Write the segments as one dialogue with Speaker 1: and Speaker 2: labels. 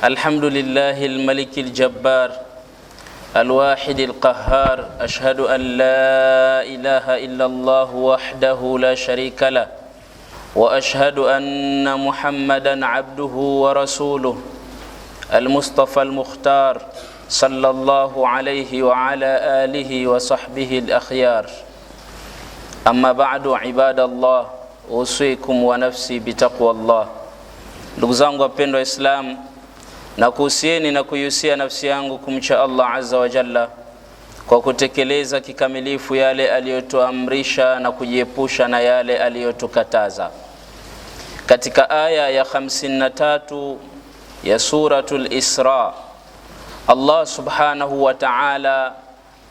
Speaker 1: الحمد لله الملك الجبار الواحد القهار أشهد أن لا إله إلا الله وحده لا شريك له وأشهد أن محمدا عبده ورسوله المصطفى المختار صلى الله عليه وعلى آله وصحبه الأخيار أما بعد عباد الله أوصيكم ونفسي بتقوى الله لغزان zangu الاسلام na kuhusieni na kuihusia nafsi yangu kumcha Allah azza wa jalla kwa kutekeleza kikamilifu yale aliyotuamrisha na kujiepusha na yale aliyotukataza. Katika aya ya 53 ya suratul Isra, Allah subhanahu wa ta'ala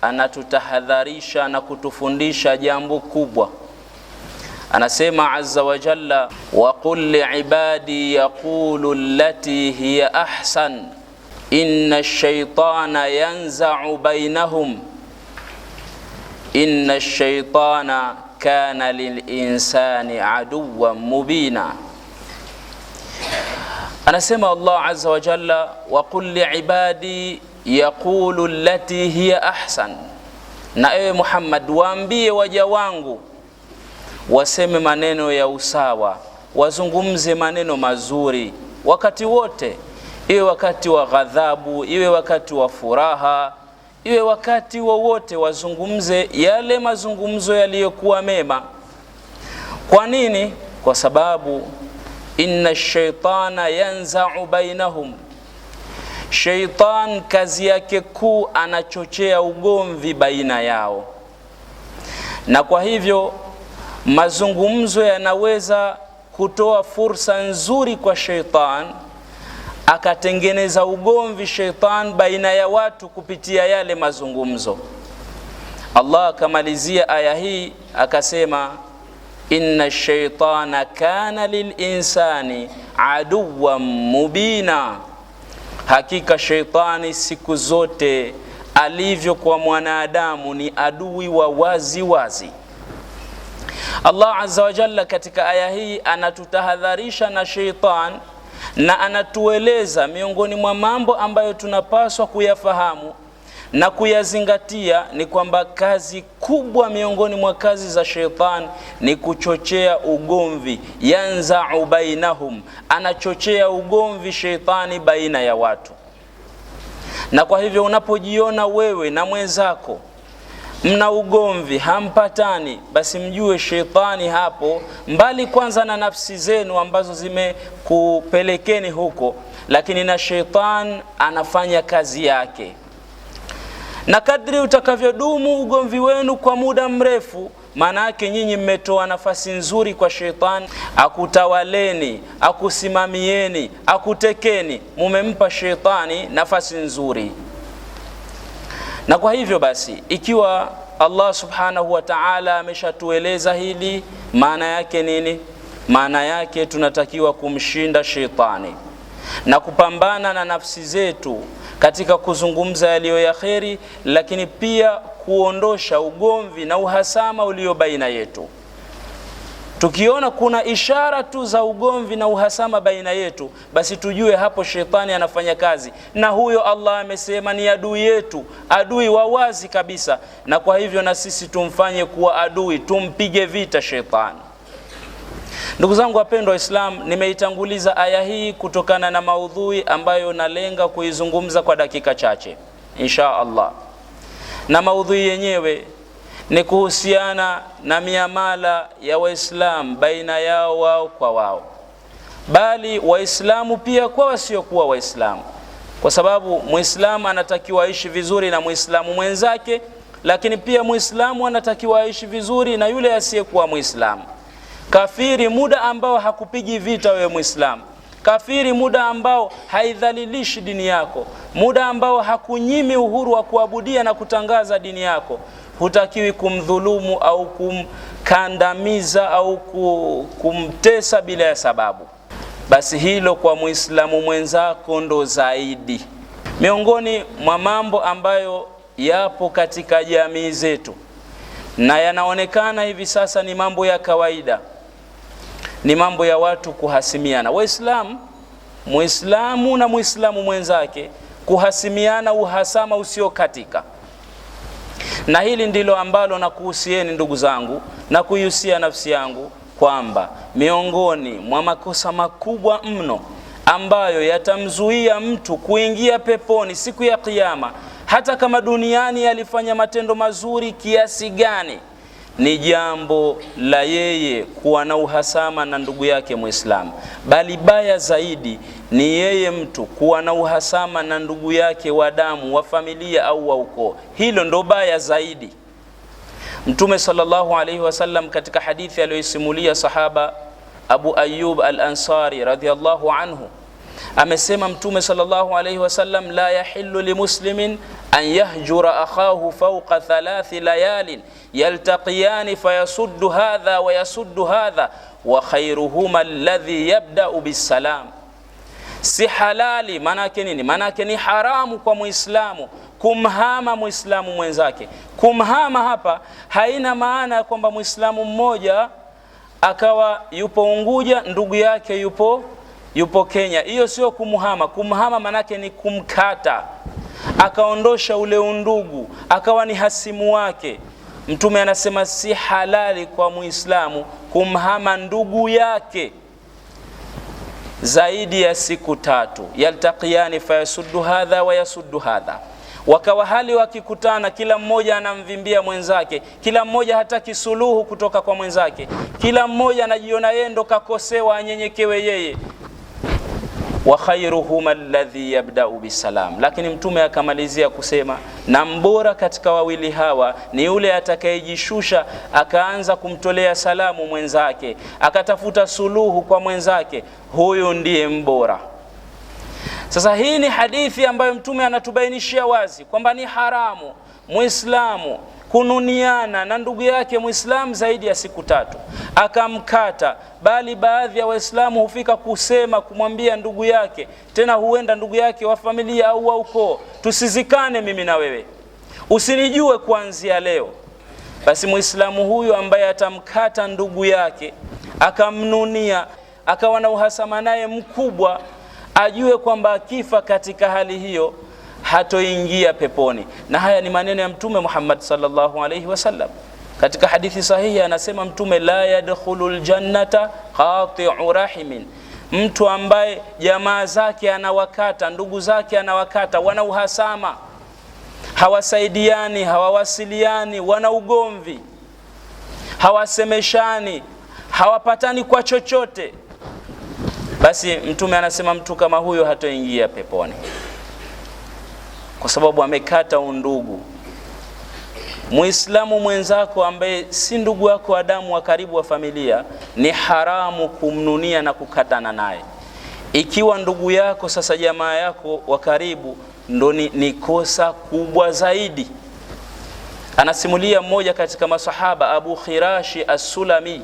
Speaker 1: anatutahadharisha na kutufundisha jambo kubwa Anasema azza wa jalla, wa qul liibadi yaqulu allati hiya ahsan inna ash-shaytana yanza'u bainahum inna ash-shaytana kana lilinsani aduwan mubina. Anasema Allah azza wa jalla, wa qul liibadi yaqulu allati hiya ahsan, na ewe Muhammad waambie waja wangu waseme maneno ya usawa, wazungumze maneno mazuri wakati wote, iwe wakati wa ghadhabu, iwe wakati wa furaha, iwe wakati wowote wa wazungumze yale mazungumzo yaliyokuwa mema. Kwa nini? Kwa sababu inna shaitana yanzau bainahum, shaitan kazi yake kuu anachochea ugomvi baina yao, na kwa hivyo mazungumzo yanaweza kutoa fursa nzuri kwa sheitan akatengeneza ugomvi sheitan baina ya watu kupitia yale mazungumzo. Allah akamalizia aya hii akasema, inna shaitana kana lilinsani aduwan mubina, hakika sheitani siku zote alivyo kwa mwanadamu ni adui wa wazi wazi. Allah azza wa jalla katika aya hii anatutahadharisha na sheitan na anatueleza miongoni mwa mambo ambayo tunapaswa kuyafahamu na kuyazingatia ni kwamba kazi kubwa miongoni mwa kazi za sheitan ni kuchochea ugomvi. Yanzau bainahum, anachochea ugomvi sheitani baina ya watu. Na kwa hivyo unapojiona wewe na mwenzako mna ugomvi, hampatani, basi mjue shetani hapo mbali, kwanza na nafsi zenu ambazo zimekupelekeni huko, lakini na shetani anafanya kazi yake, na kadri utakavyodumu ugomvi wenu kwa muda mrefu maana yake nyinyi mmetoa nafasi nzuri kwa shetani, akutawaleni, akusimamieni, akutekeni. Mumempa shetani nafasi nzuri. Na kwa hivyo basi, ikiwa Allah subhanahu wa ta'ala ameshatueleza hili, maana yake nini? Maana yake tunatakiwa kumshinda shetani na kupambana na nafsi zetu katika kuzungumza yaliyo ya kheri, lakini pia kuondosha ugomvi na uhasama ulio baina yetu. Tukiona kuna ishara tu za ugomvi na uhasama baina yetu, basi tujue hapo shetani anafanya kazi, na huyo Allah amesema ni adui yetu, adui wa wazi kabisa. Na kwa hivyo na sisi tumfanye kuwa adui, tumpige vita shetani. Ndugu zangu wapendwa Islam, nimeitanguliza aya hii kutokana na maudhui ambayo nalenga kuizungumza kwa dakika chache insha Allah, na maudhui yenyewe ni kuhusiana na miamala ya Waislamu baina yao wao kwa wao, bali Waislamu pia kwa wasiokuwa Waislamu, kwa sababu Muislamu anatakiwa aishi vizuri na Muislamu mwenzake, lakini pia Muislamu anatakiwa aishi vizuri na yule asiyekuwa Muislamu. Kafiri muda ambao hakupigi vita wewe Muislamu, kafiri muda ambao haidhalilishi dini yako, muda ambao hakunyimi uhuru wa kuabudia na kutangaza dini yako hutakiwi kumdhulumu au kumkandamiza au kumtesa bila ya sababu. Basi hilo kwa Muislamu mwenzako ndo zaidi. Miongoni mwa mambo ambayo yapo katika jamii zetu na yanaonekana hivi sasa ni mambo ya kawaida, ni mambo ya watu kuhasimiana, Waislamu, Muislamu na Muislamu mwenzake kuhasimiana, uhasama usiokatika. Na hili ndilo ambalo nakuhusieni ndugu zangu na kuihusia nafsi yangu kwamba miongoni mwa makosa makubwa mno ambayo yatamzuia mtu kuingia peponi siku ya Kiyama, hata kama duniani alifanya matendo mazuri kiasi gani ni jambo la yeye kuwa na uhasama na ndugu yake Muislamu, bali baya zaidi ni yeye mtu kuwa na uhasama na ndugu yake wa damu, wa familia au wa ukoo. Hilo ndo baya zaidi. Mtume sallallahu alaihi wasallam katika hadithi aliyoisimulia sahaba Abu Ayyub al-Ansari radhiyallahu anhu amesema Mtume sallallahu alayhi wasallam, la yahillu limuslimin an yahjura akhahu fawqa thalathi layalin yaltaqiyani fayasuddu hadha wa yasuddu hadha wa khairuhuma alladhi yabda'u bisalam. Si halali, maanake nini? Maanake ni haramu kwa Muislamu kumhama Muislamu mwenzake. Kumhama hapa haina maana ya kwamba Muislamu mmoja akawa yupo Unguja, ndugu yake yupo yupo Kenya. Hiyo sio kumhama. Kumhama manake ni kumkata, akaondosha ule undugu, akawa ni hasimu wake. Mtume anasema si halali kwa Muislamu kumhama ndugu yake zaidi ya siku tatu. Yaltaqiyani fayasuddu hadha wa yasuddu hadha, wakawa hali wakikutana, kila mmoja anamvimbia mwenzake, kila mmoja hataki suluhu kutoka kwa mwenzake, kila mmoja anajiona yeye ndo kakosewa, anyenyekewe yeye wa khairuhuma alladhi yabda'u bisalam. Lakini mtume akamalizia kusema, na mbora katika wawili hawa ni yule atakayejishusha akaanza kumtolea salamu mwenzake, akatafuta suluhu kwa mwenzake, huyu ndiye mbora. Sasa hii ni hadithi ambayo mtume anatubainishia wazi kwamba ni haramu muislamu kununiana na ndugu yake Muislamu zaidi ya siku tatu akamkata, bali baadhi ya Waislamu hufika kusema kumwambia ndugu yake, tena huenda ndugu yake wa familia au wa ukoo, tusizikane mimi na wewe, usinijue kuanzia leo. Basi Muislamu huyu ambaye atamkata ndugu yake akamnunia, akawa na uhasama naye mkubwa, ajue kwamba akifa katika hali hiyo hatoingia peponi. Na haya ni maneno ya Mtume Muhammad sallallahu alaihi wasallam. Katika hadithi sahihi anasema Mtume, la yadkhulu ljannata qati'u rahimin, mtu ambaye jamaa zake anawakata, ndugu zake anawakata, wana uhasama, hawasaidiani, hawawasiliani, wana ugomvi, hawasemeshani, hawapatani kwa chochote, basi Mtume anasema mtu kama huyo hatoingia peponi kwa sababu amekata undugu. Muislamu mwenzako ambaye si ndugu yako wa damu wa karibu wa familia, ni haramu kumnunia na kukatana naye. Ikiwa ndugu yako sasa jamaa yako wa karibu, ndo ni, ni kosa kubwa zaidi. Anasimulia mmoja katika masahaba Abu Khirashi As-Sulami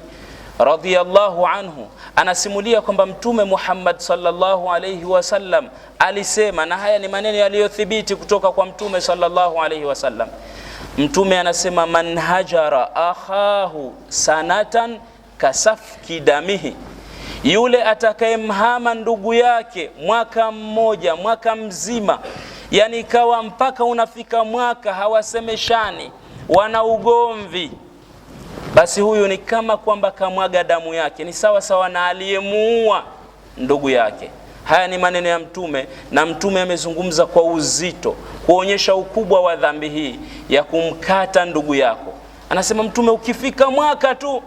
Speaker 1: radhiyallahu anhu anasimulia kwamba Mtume Muhammad sallallahu alayhi wasallam alisema, na haya ni maneno yaliyothibiti kutoka kwa Mtume sallallahu alayhi wasallam. Mtume anasema, man hajara akhahu sanatan kasafki damihi, yule atakayemhama ndugu yake mwaka mmoja, mwaka mzima, yani ikawa mpaka unafika mwaka hawasemeshani, wana ugomvi basi huyu ni kama kwamba kamwaga damu yake, ni sawa sawa na aliyemuua ndugu yake. Haya ni maneno ya Mtume, na Mtume amezungumza kwa uzito kuonyesha ukubwa wa dhambi hii ya kumkata ndugu yako. Anasema Mtume, ukifika mwaka tu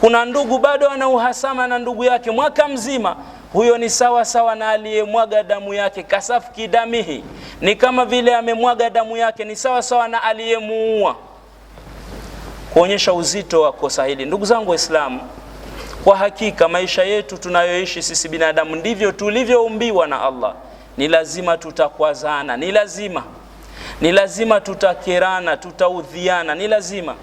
Speaker 1: kuna ndugu bado ana uhasama na ndugu yake mwaka mzima, huyo ni sawa sawa na aliyemwaga damu yake. Kasafki damihi, ni kama vile amemwaga damu yake, ni sawa sawa na aliyemuua kuonyesha uzito wa kosa hili. Ndugu zangu Waislamu, kwa hakika maisha yetu tunayoishi sisi binadamu ndivyo tulivyoumbiwa na Allah. Ni lazima tutakwazana, ni lazima ni lazima tutakerana, tutaudhiana, ni lazima.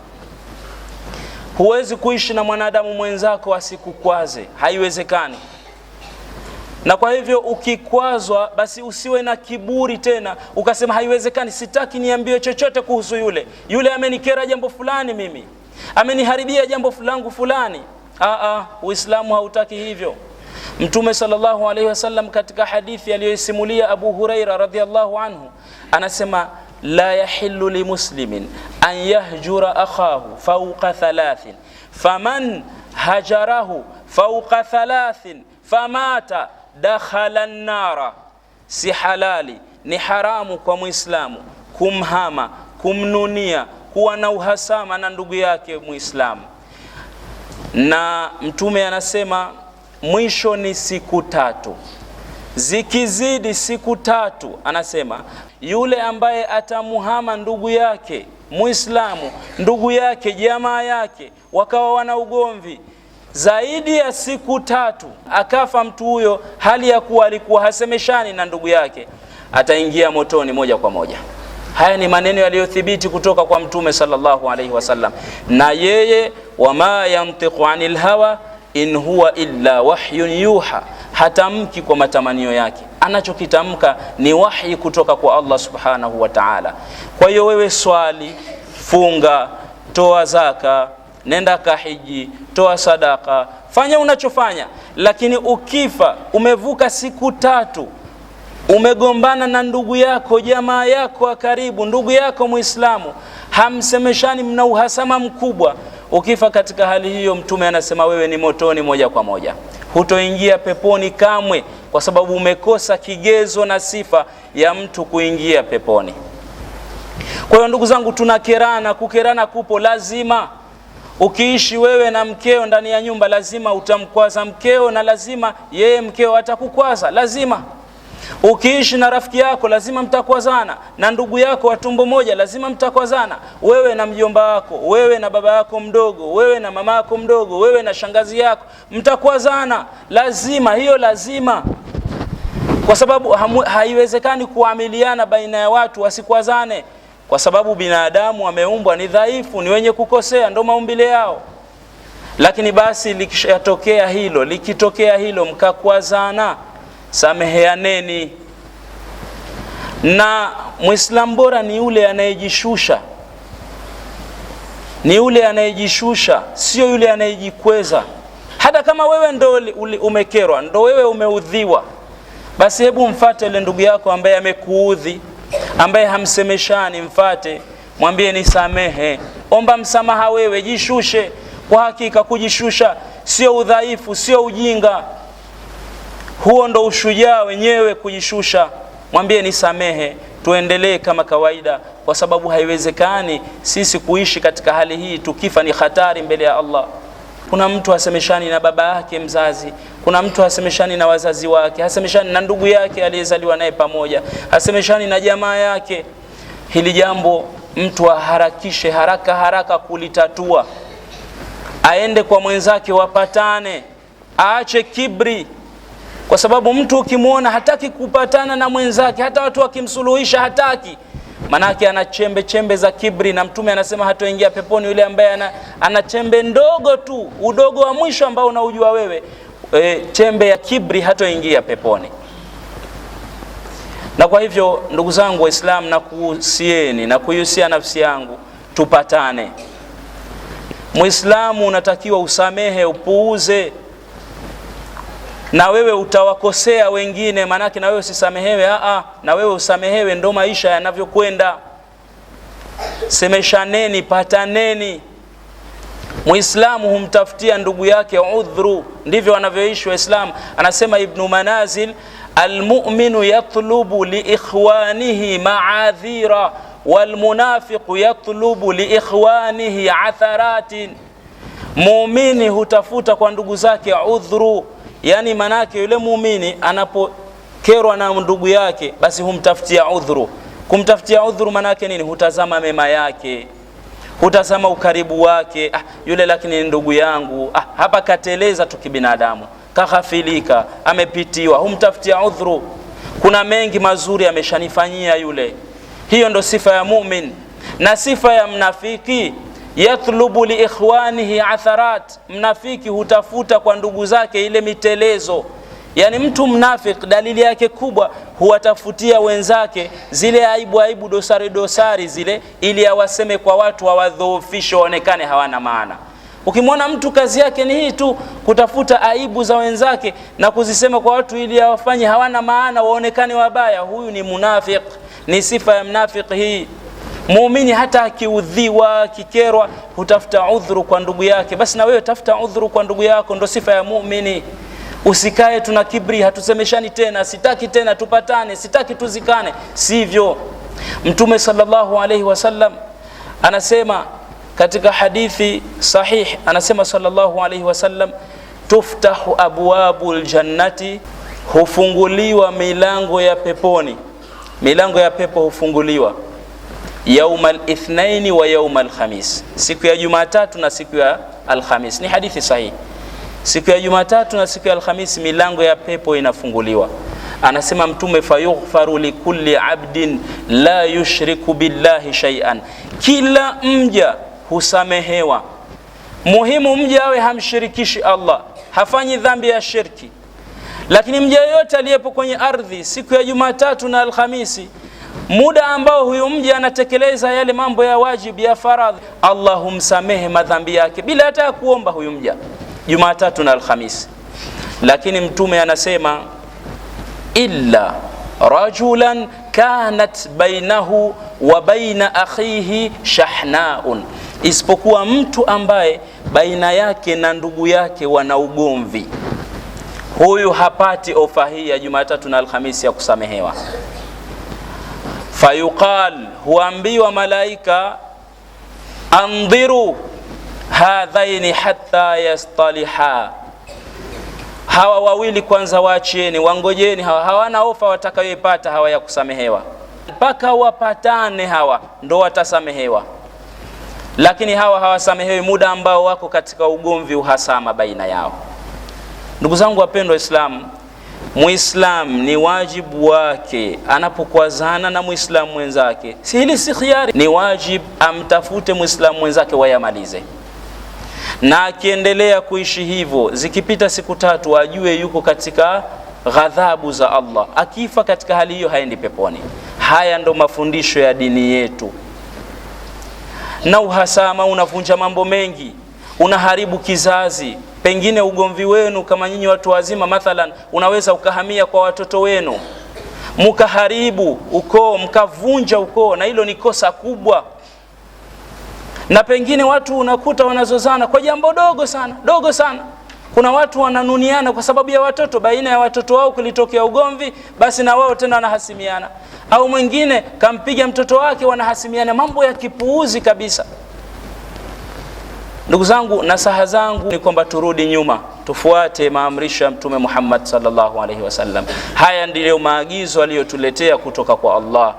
Speaker 1: Huwezi kuishi na mwanadamu mwenzako asikukwaze, haiwezekani na kwa hivyo ukikwazwa, basi usiwe na kiburi tena ukasema haiwezekani, sitaki niambiwe chochote kuhusu yule yule, amenikera jambo fulani, mimi ameniharibia jambo fulangu fulani. Aa, Uislamu hautaki hivyo. Mtume sallallahu alaihi wasallam katika hadithi aliyoisimulia Abu Huraira radhiallahu anhu anasema, la yahillu limuslimin an yahjura akhahu fauqa thalathin faman hajarahu fauqa thalathin famata dakhala nnara, si halali, ni haramu kwa Muislamu kumhama, kumnunia, kuwa na uhasama na ndugu yake Muislamu. Na Mtume anasema mwisho ni siku tatu, zikizidi siku tatu, anasema yule ambaye atamuhama ndugu yake Muislamu, ndugu yake, jamaa yake, wakawa wana ugomvi zaidi ya siku tatu, akafa mtu huyo hali ya kuwa alikuwa hasemeshani na ndugu yake, ataingia motoni moja kwa moja. Haya ni maneno yaliyothibiti kutoka kwa Mtume sallallahu alaihi wasallam, na yeye wama yantiqu anil hawa in huwa illa wahyun yuha, hatamki kwa matamanio yake, anachokitamka ni wahi kutoka kwa Allah subhanahu wa ta'ala. Kwa hiyo wewe swali, funga, toa zaka nenda kahiji, toa sadaka, fanya unachofanya, lakini ukifa umevuka siku tatu, umegombana na ndugu yako, jamaa yako wa karibu, ndugu yako Muislamu, hamsemeshani, mna uhasama mkubwa, ukifa katika hali hiyo, Mtume anasema wewe ni motoni moja kwa moja, hutoingia peponi kamwe, kwa sababu umekosa kigezo na sifa ya mtu kuingia peponi. Kwa hiyo ndugu zangu, tunakerana, kukerana kupo lazima Ukiishi wewe na mkeo ndani ya nyumba, lazima utamkwaza mkeo, na lazima yeye mkeo atakukwaza, lazima. Ukiishi na rafiki yako, lazima mtakwazana, na ndugu yako wa tumbo moja, lazima mtakwazana, wewe na mjomba wako, wewe na baba yako mdogo, wewe na mama yako mdogo, wewe na shangazi yako, mtakwazana lazima. Hiyo lazima kwa sababu haiwezekani kuamiliana baina ya watu wasikwazane kwa sababu binadamu ameumbwa ni dhaifu, ni wenye kukosea, ndo maumbile yao. Lakini basi likishatokea hilo, likitokea hilo, mkakwazana, sameheaneni. Na mwislamu bora ni yule anayejishusha, ni yule anayejishusha, sio yule anayejikweza. Hata kama wewe ndo umekerwa, ndo wewe umeudhiwa, basi hebu mfate yule ndugu yako ambaye amekuudhi ambaye hamsemeshani, mfate, mwambie nisamehe, omba msamaha wewe, jishushe. Kwa hakika kujishusha sio udhaifu, sio ujinga, huo ndo ushujaa wenyewe, kujishusha. Mwambie nisamehe, tuendelee kama kawaida, kwa sababu haiwezekani sisi kuishi katika hali hii, tukifa ni hatari mbele ya Allah. Kuna mtu hasemeshani na baba yake mzazi, kuna mtu hasemeshani na wazazi wake, hasemeshani na ndugu yake aliyezaliwa naye pamoja, hasemeshani na jamaa yake. Hili jambo mtu aharakishe haraka haraka kulitatua, aende kwa mwenzake wapatane, aache kibri, kwa sababu mtu ukimwona hataki kupatana na mwenzake, hata watu wakimsuluhisha hataki. Manake ana chembe chembe za kibri, na Mtume anasema hatoingia peponi yule ambaye ana, ana chembe ndogo tu, udogo wa mwisho ambao unaujua wewe e, chembe ya kibri, hatoingia peponi. Na kwa hivyo ndugu zangu Waislamu, nakuhusieni na kuihusia nafsi yangu, tupatane. Muislamu unatakiwa usamehe, upuuze na wewe utawakosea wengine, maanake na wewe usisamehewe. Aa, na wewe usamehewe, ndo maisha yanavyokwenda. Semeshaneni, pataneni. Muislamu humtafutia ndugu yake udhru ndivyo wanavyoishi Waislamu. Anasema Ibnu Manazil, almuminu yatlubu liikhwanihi maadhira walmunafiqu yatlubu liikhwanihi atharatin, muumini hutafuta kwa ndugu zake udhru yani manake yule muumini anapokerwa na ndugu yake, basi humtafutia udhuru. Kumtafutia udhuru manake nini? Hutazama mema yake, hutazama ukaribu wake. Ah, yule lakini ni ndugu yangu. Ah, hapa kateleza tu kibinadamu, kaghafilika, amepitiwa, humtafutia udhuru. Kuna mengi mazuri ameshanifanyia yule. Hiyo ndo sifa ya mumin, na sifa ya mnafiki yatlubu liikhwanihi atharat, mnafiki hutafuta kwa ndugu zake ile mitelezo. Yani mtu mnafik, dalili yake kubwa huwatafutia wenzake zile aibu aibu, dosari dosari zile, ili awaseme kwa watu, awadhoofishe waonekane hawana maana. Ukimwona mtu kazi yake ni hii tu, kutafuta aibu za wenzake na kuzisema kwa watu ili awafanye hawana maana, waonekane wabaya, huyu ni munafik. Ni sifa ya mnafik hii. Muumini hata akiudhiwa, akikerwa, hutafuta udhuru kwa ndugu yake. Basi na wewe tafuta udhuru kwa ndugu yako, ndo sifa ya muumini. Usikae tuna kibri, hatusemeshani tena, sitaki tena tupatane, sitaki tuzikane, sivyo. Mtume sallallahu alaihi wasallam anasema katika hadithi sahih, anasema sallallahu alaihi wasallam, tuftahu abwabu ljannati, hufunguliwa milango ya peponi, milango ya pepo hufunguliwa yauma lithnaini wa yauma lkhamis siku ya Jumatatu na siku ya Alhamis. Ni hadithi sahihi. Siku ya Jumatatu na siku ya Alhamis milango ya pepo inafunguliwa. Anasema Mtume, fayughfaru likulli abdin la yushriku billahi shaian kila mja husamehewa. Muhimu mja awe hamshirikishi Allah, hafanyi dhambi ya shirki. Lakini mja yoyote aliyepo kwenye ardhi siku ya Jumatatu na Alhamisi muda ambao huyu mja anatekeleza yale mambo ya wajibu ya faradhi, Allah humsamehe madhambi yake bila hata ya kuomba huyu mja Jumatatu na Alhamisi. Lakini Mtume anasema illa rajulan kanat bainahu wa baina akhihi shahnaun, isipokuwa mtu ambaye baina yake na ndugu yake wana ugomvi, huyu hapati ofa hii ya Jumatatu na Alhamisi ya kusamehewa fayuqal, huambiwa malaika andhiru hadhaini hatta yastaliha, hawa wawili kwanza waachieni, wangojeni hawa, hawana ofa watakayoipata hawa ya kusamehewa, mpaka wapatane hawa ndo watasamehewa. Lakini hawa hawasamehewi muda ambao wako katika ugomvi, uhasama baina yao. Ndugu zangu wapendwa Waislamu, Muislam ni wajibu wake anapokwazana na Muislamu mwenzake, si hili si khiari, ni wajibu amtafute Muislamu mwenzake wayamalize, na akiendelea kuishi hivyo, zikipita siku tatu ajue yuko katika ghadhabu za Allah. Akifa katika hali hiyo haendi peponi. Haya ndo mafundisho ya dini yetu. Na uhasama unavunja mambo mengi, unaharibu kizazi Pengine ugomvi wenu kama nyinyi watu wazima, mathalan, unaweza ukahamia kwa watoto wenu, mkaharibu ukoo, mkavunja ukoo, na hilo ni kosa kubwa. Na pengine watu unakuta wanazozana kwa jambo dogo sana, dogo sana. Kuna watu wananuniana kwa sababu ya watoto, baina ya watoto wao kulitokea ugomvi, basi na wao tena wanahasimiana. Au mwingine kampiga mtoto wake, wanahasimiana mambo ya kipuuzi kabisa. Ndugu zangu, nasaha zangu ni kwamba turudi nyuma, tufuate maamrisho ya Mtume Muhammad sallallahu alaihi wasallam. Haya ndiyo maagizo aliyotuletea kutoka kwa Allah.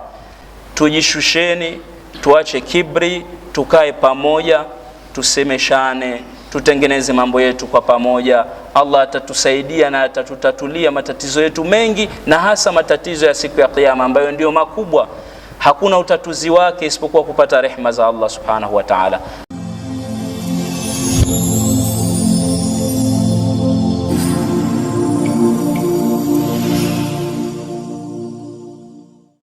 Speaker 1: Tujishusheni, tuache kibri, tukae pamoja, tusemeshane, tutengeneze mambo yetu kwa pamoja. Allah atatusaidia na atatutatulia matatizo yetu mengi, na hasa matatizo ya siku ya Kiyama ambayo ndiyo makubwa. Hakuna utatuzi wake isipokuwa kupata rehma za Allah subhanahu wa ta'ala. Thank you.